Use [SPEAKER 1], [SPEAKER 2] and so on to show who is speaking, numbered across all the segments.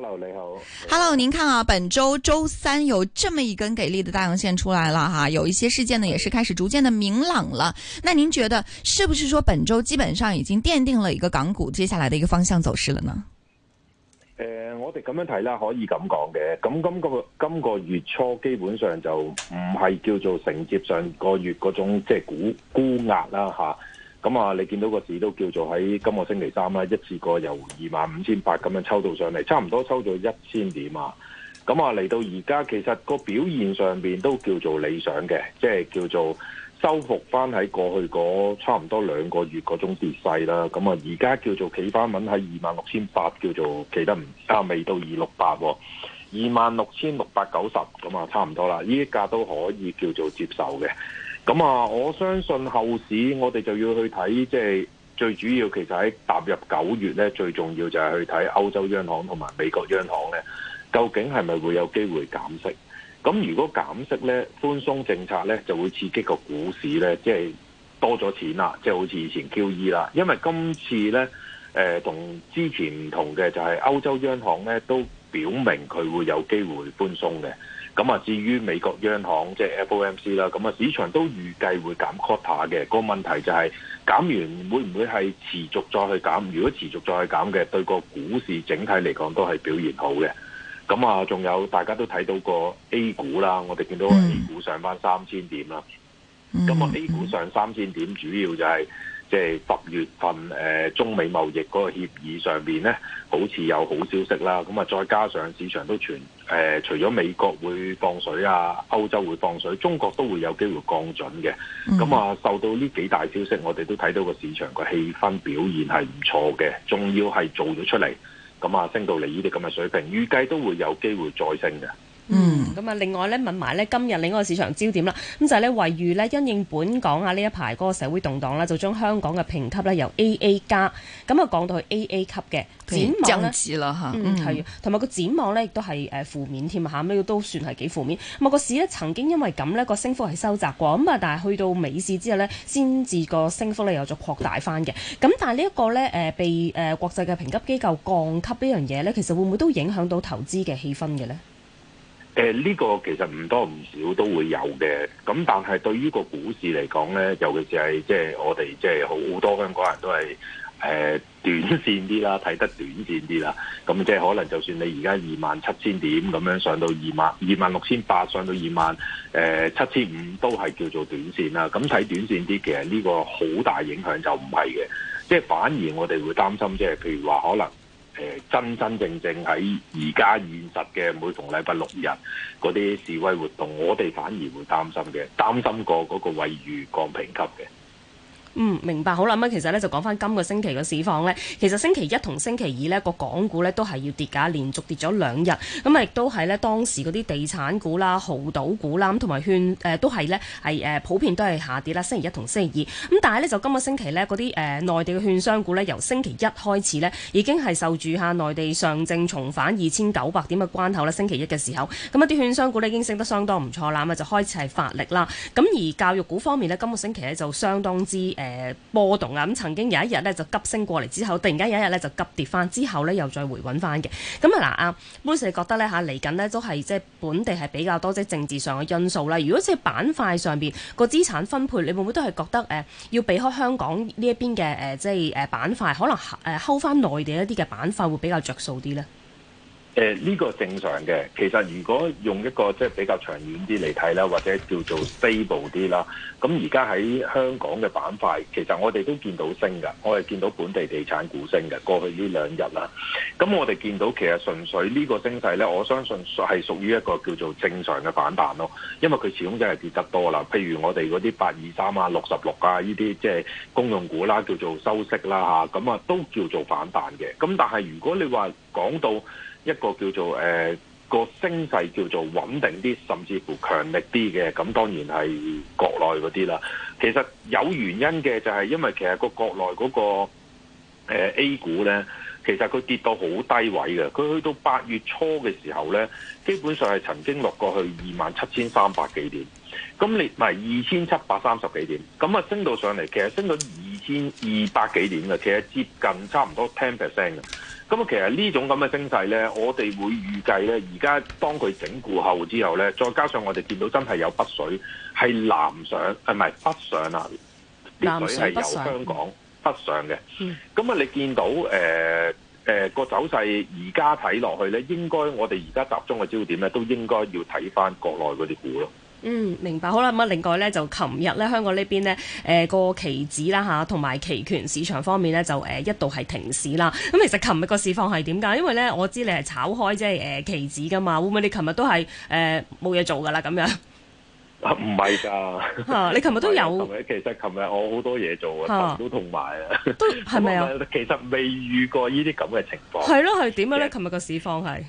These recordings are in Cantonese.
[SPEAKER 1] hello 你好，你好
[SPEAKER 2] ，hello，您看啊，本周周三有這麼一根給力的大陽線出來了哈、啊，有一些事件呢，也是開始逐漸的明朗了。那您覺得是不是說本周基本上已經奠定了一個港股接下來的一個方向走勢了
[SPEAKER 1] 呢？誒、呃，我哋咁樣睇啦，可以咁講嘅，咁今個今個月初基本上就唔係叫做承接上個月嗰種即係沽沽壓啦吓。咁啊，你見到個市都叫做喺今個星期三啦，一次過由二萬五千八咁樣抽到上嚟，差唔多抽咗一千點啊。咁啊，嚟到而家其實個表現上面都叫做理想嘅，即係叫做收復翻喺過去嗰差唔多兩個月嗰種跌勢啦。咁啊，而家叫做企翻穩喺二萬六千八，叫做企得唔差，未到二六八喎，二萬六千六百九十咁啊，差唔多啦。呢啲價都可以叫做接受嘅。咁啊，我相信後市我哋就要去睇，即係最主要其實喺踏入九月咧，最重要就係去睇歐洲央行同埋美國央行咧，究竟係咪會有機會減息？咁如果減息咧，寬鬆政策咧就會刺激個股市咧，即係多咗錢啦，即係好似以前 QE 啦。因為今次咧，誒同之前唔同嘅就係歐洲央行咧都。表明佢會有機會寬鬆嘅，咁啊，至於美國央行即係 FOMC 啦，咁啊，市場都預計會減 quota 嘅。個問題就係減完會唔會係持續再去減？如果持續再去減嘅，對個股市整體嚟講都係表現好嘅。咁啊，仲有大家都睇到個 A 股啦，我哋見到 A 股上返三千點啦。
[SPEAKER 2] 咁啊
[SPEAKER 1] ，A 股上三千點主要就係……即係十月份，誒、呃、中美貿易嗰個協議上面咧，好似有好消息啦。咁啊，再加上市場都傳誒、呃、除咗美國會放水啊，歐洲會放水，中國都會有機會降準嘅。咁啊，受到呢幾大消息，我哋都睇到個市場個氣氛表現係唔錯嘅，仲要係做咗出嚟，咁啊升到你呢啲咁嘅水平，預計都會有機會再升嘅。
[SPEAKER 2] 嗯，咁啊、嗯，另外咧，問埋咧今日另一個市場焦點啦，咁就咧、係，惠譽咧因應本港啊呢一排嗰個社會動蕩啦，就將香港嘅評級咧由 A A 加咁啊，就講到去 A A 級嘅展望咧啦嚇，嗯，係同埋個展望咧亦都係誒負面添嚇，呢個都算係幾負面。咁啊，個市咧曾經因為咁咧、個升幅係收窄過咁啊，但係去到尾市之後咧先至個升幅咧又有咗擴大翻嘅。咁但係呢一個咧誒被誒、呃、國際嘅評級機構降級呢樣嘢咧，其實會唔會都影響到投資嘅氣氛嘅咧？
[SPEAKER 1] 誒呢個其實唔多唔少都會有嘅，咁但係對於個股市嚟講呢，尤其是係即係我哋即係好多香港人都係誒、呃、短線啲啦，睇得短線啲啦，咁即係可能就算你而家二萬七千點咁樣上到二萬二萬六千八，上到二萬誒七千五，呃、都係叫做短線啦。咁睇短線啲，其實呢個好大影響就唔係嘅，即係反而我哋會擔心，即係譬如話可能。誒真真正正喺而家現實嘅，每逢禮拜六日嗰啲示威活動，我哋反而會擔心嘅，擔心過嗰個位於降評級嘅。
[SPEAKER 2] 嗯，明白。好啦，咁其實呢就講返今個星期嘅市況呢。其實星期一同星期二呢個港股呢，都係要跌㗎，連續跌咗兩日。咁、嗯、啊，亦都係呢，當時嗰啲地產股啦、豪賭股啦，咁同埋券誒都係呢，係誒、呃、普遍都係下跌啦。星期一同星期二，咁、嗯、但係呢，就今個星期呢，嗰啲誒內地嘅券商股呢，由星期一開始呢，已經係受住下內地上證重返二千九百點嘅關口啦。星期一嘅時候，咁一啲券商股呢，已經升得相當唔錯啦，咁、嗯、啊就開始係發力啦。咁而教育股方面呢，今個星期呢，就相當之、呃誒，波動啊，咁曾經有一日咧就急升過嚟之後，突然間有一日咧就急跌翻，之後咧又再回穩翻嘅。咁啊，嗱，阿 Muse 覺得咧吓，嚟緊呢都係即係本地係比較多，即係政治上嘅因素啦。如果即係板塊上邊個資產分配，你會唔會都係覺得誒，要避開香港呢一邊嘅誒，即係誒板塊，可能誒溝翻內地一啲嘅板塊會比較着數啲呢？
[SPEAKER 1] 誒呢個正常嘅，其實如果用一個即係比較長遠啲嚟睇啦，或者叫做西部啲啦，咁而家喺香港嘅板塊，其實我哋都見到升㗎，我哋見到本地地產股升㗎，過去呢兩日啦。咁我哋見到其實純粹呢個升勢咧，我相信係屬於一個叫做正常嘅反彈咯，因為佢始終真係跌得多啦。譬如我哋嗰啲八二三啊、六十六啊呢啲即係公用股啦，叫做收息啦吓，咁啊都叫做反彈嘅。咁但係如果你話講到一個叫做誒、呃、個升勢叫做穩定啲，甚至乎強力啲嘅，咁當然係國內嗰啲啦。其實有原因嘅，就係因為其實國內、那個國內嗰個誒 A 股咧，其實佢跌到好低位嘅，佢去到八月初嘅時候咧，基本上係曾經落過去二萬七千三百幾點，咁你唔係二千七百三十幾點，咁啊升到上嚟，其實升到二千二百幾點嘅，其實接近差唔多 ten percent 嘅。咁其實這種這呢種咁嘅升勢咧，我哋會預計咧，而家當佢整固後之後咧，再加上我哋見到真係有北水係南上，係咪北上啦，啲
[SPEAKER 2] 水係由香港
[SPEAKER 1] 北上嘅。咁啊，你見到誒誒個走勢而家睇落去咧，應該我哋而家集中嘅焦點咧，都應該要睇翻國內嗰啲股咯。
[SPEAKER 2] 嗯，明白好啦。咁啊，另外咧就琴日咧，香港這邊呢邊呢誒個期指啦吓，同埋期權市場方面呢，就誒、呃、一度係停市啦。咁、嗯、其實琴日個市況係點噶？因為咧，我知你係炒開即係誒期指噶嘛，會唔會你琴日都係誒冇嘢做噶啦咁樣？
[SPEAKER 1] 唔係噶。你琴日都有。其實琴日我好多嘢做啊,啊，都同埋啊。都係咪啊？其實未遇過呢啲咁嘅情況。係咯
[SPEAKER 2] 係，點樣咧？琴日個市況係？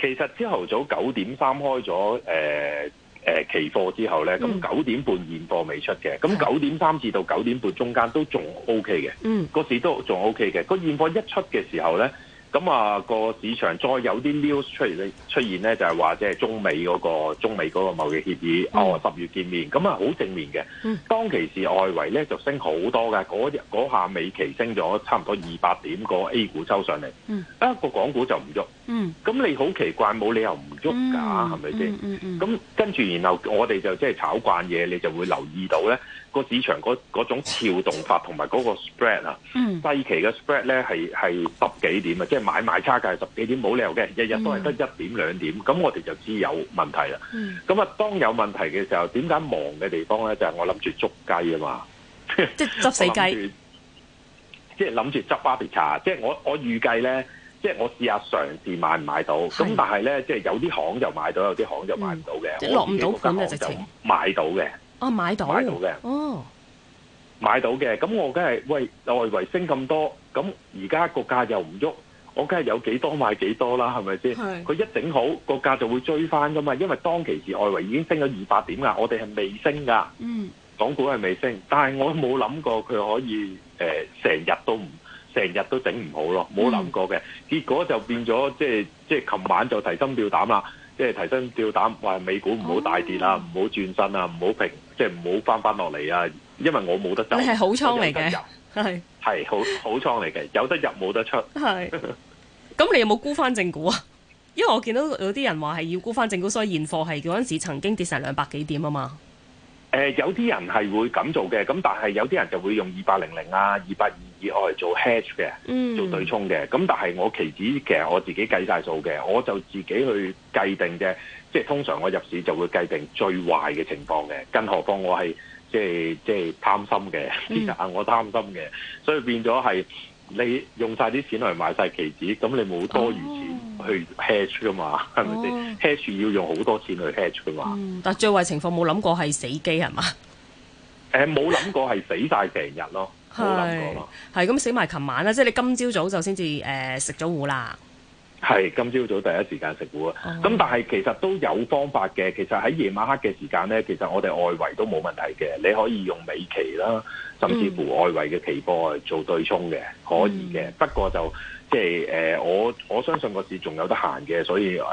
[SPEAKER 1] 其實朝頭早九點三開咗誒。呃呃，期貨之後咧，咁九點半現貨未出嘅，咁九點三至到九點半中間都仲 O K 嘅，個市都仲 O K 嘅，個現貨一出嘅時候咧。咁啊，個市場再有啲 news 出嚟咧，出現咧就係話即係中美嗰、個中美嗰個貿易協議，mm. 哦，十月見面，咁啊好正面嘅。Mm. 當其時外圍咧就升好多嘅，嗰日嗰下美期升咗差唔多二百點，個 A 股抽上嚟。啊、mm. 個港股就唔喐，咁、mm. 你好奇怪冇理由唔喐㗎，係咪先？咁、mm. 跟住然後我哋就即係炒慣嘢，你就會留意到咧、個市場嗰種跳動法同埋嗰個 spread 啊，細、mm. 期嘅 spread 咧係係十幾點啊，即買賣差價十幾點冇理由嘅，日日都係得一點兩點，咁我哋就知有問題啦。咁啊，當有問題嘅時候，點解忙嘅地方咧？就係我諗住捉雞啊嘛，即
[SPEAKER 2] 係執死雞，
[SPEAKER 1] 即係諗住執巴菲特。即係我我預計咧，即係我試下嘗試買唔買到。咁但係咧，即係有啲行就買到，有啲行就買唔到嘅。落唔到盤啊，直情買到嘅。
[SPEAKER 2] 哦，買到嘅，
[SPEAKER 1] 哦，買到嘅。咁我梗係喂，外圍升咁多，咁而家個價又唔喐。我梗係有幾多買幾多啦，係咪先？佢一整好個價就會追翻噶嘛，因為當其時外圍已經升咗二百點啦，我哋係未升噶。港股係未升，但係我冇諗過佢可以誒成日都唔成日都整唔好咯，冇諗過嘅。結果就變咗即係即係琴晚就提心吊膽啦，即係提心吊膽話美股唔好大跌啊，唔好轉身啊，唔好平，即係唔好翻翻落嚟啊，因為我冇得走。你係好
[SPEAKER 2] 倉嚟嘅。
[SPEAKER 1] 係係是好好倉嚟嘅，有得入冇得出。
[SPEAKER 2] 係咁是， 那你有冇沽翻正股啊？因為我見到有啲人話係要沽翻正股，所以現貨係嗰陣時曾經跌成兩百幾點啊嘛。
[SPEAKER 1] 誒、呃，有啲人係會咁做嘅，咁但係有啲人就會用二八零零啊、二八二以外做 hedge 嘅，做對沖嘅。咁、嗯、但係我期指其實我自己計晒數嘅，我就自己去計定嘅，即係通常我入市就會計定最壞嘅情況嘅，更何況我係。即係即係貪心嘅，其實我貪心嘅，嗯、所以變咗係你用晒啲錢去買晒棋子，咁你冇多餘錢去 hedge 㗎嘛，係咪先？hedge 要用好多錢去 hedge 㗎
[SPEAKER 2] 嘛，嗯。但最壞情況冇諗過係死機係嘛？
[SPEAKER 1] 誒、冇諗過係死晒成日咯，冇諗
[SPEAKER 2] 過咯。係咁 死埋琴晚啦，即係你今朝早就先至誒食咗糊啦。
[SPEAKER 1] 係今朝早第一時間食股啊！咁的但係其實都有方法嘅。其實喺夜晚黑嘅時間咧，其實我哋外圍都冇問題嘅。你可以用美期啦，甚至乎外圍嘅期波去做對沖嘅，嗯、可以嘅。不過就即係誒、呃，我我相信個市仲有得行嘅，所以誒係、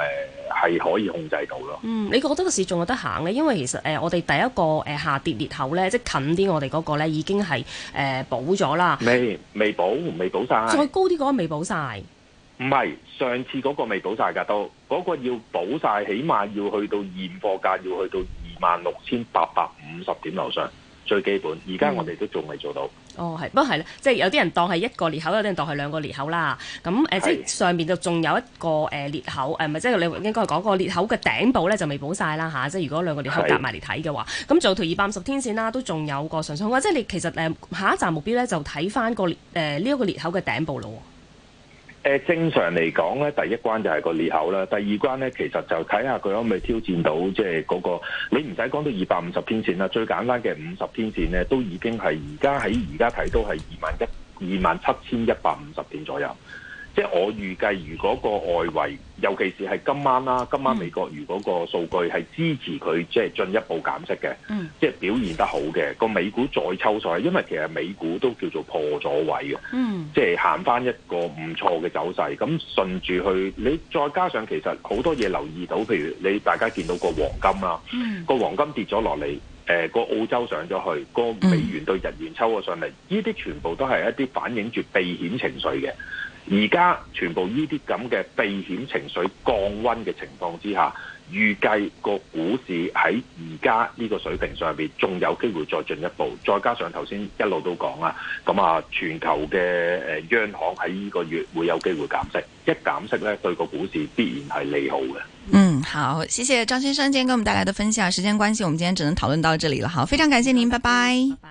[SPEAKER 1] 呃、可以控制到咯。嗯，你覺得個市
[SPEAKER 2] 仲有得行咧？因為其實誒、呃，我哋第一個誒、呃、下跌裂口咧，即係近啲我哋嗰個咧，已經係誒、呃、補咗啦。未
[SPEAKER 1] 補未補未補晒。再
[SPEAKER 2] 高啲嗰個未補晒。唔
[SPEAKER 1] 係上次嗰個未補晒㗎都，嗰個要補晒，起碼要去到現貨價要去到二萬六千八百五十點樓上，最基本。而家我哋都仲未做
[SPEAKER 2] 到。哦，係，不過係，即係有啲人當係一個裂口，有啲人當係兩個裂口啦。咁即係上面就仲有一個誒裂口，唔係即係你應該係講個裂口嘅頂部咧，就未補晒啦嚇。即係如果兩個裂口夾埋嚟睇嘅話，咁做條二百五十天線啦，都仲有個信心。即係你其實下一站目標咧，就睇翻個呢一個裂口嘅頂部咯。
[SPEAKER 1] 正常嚟講咧，第一關就係個裂口啦，第二關咧，其實就睇下佢可唔可以挑戰到即係嗰個，你唔使講到二百五十天線啦，最簡單嘅五十天線咧，都已經係而家喺而家睇都係二萬一、二萬七千一百五十點左右。即係我預計，如果個外圍，尤其是係今晚啦，今晚美國如果個數據係支持佢，即係進一步減息嘅，嗯、即係表現得好嘅，個美股再抽水，因為其實美股都叫做破咗位嘅，即係行翻一個唔錯嘅走勢。咁順住去，你再加上其實好多嘢留意到，譬如你大家見到個黃金啦，個、嗯、黃金跌咗落嚟，誒、呃、個澳洲上咗去，個美元對日元抽咗上嚟，呢啲全部都係一啲反映住避險情緒嘅。而家全部呢啲咁嘅避險情緒降温嘅情況之下，預計個股市喺而家呢個水平上邊仲有機會再進一步。再加上頭先一路都講啊，咁啊，全球嘅誒央行喺呢個月會有機會減息，一減息呢，對個股市必然係利好嘅。
[SPEAKER 2] 嗯，好，謝謝張先生今天給我們帶來的分享。時間關係，我們今天只能討論到這裏了。好，非常感謝您，拜拜。拜拜。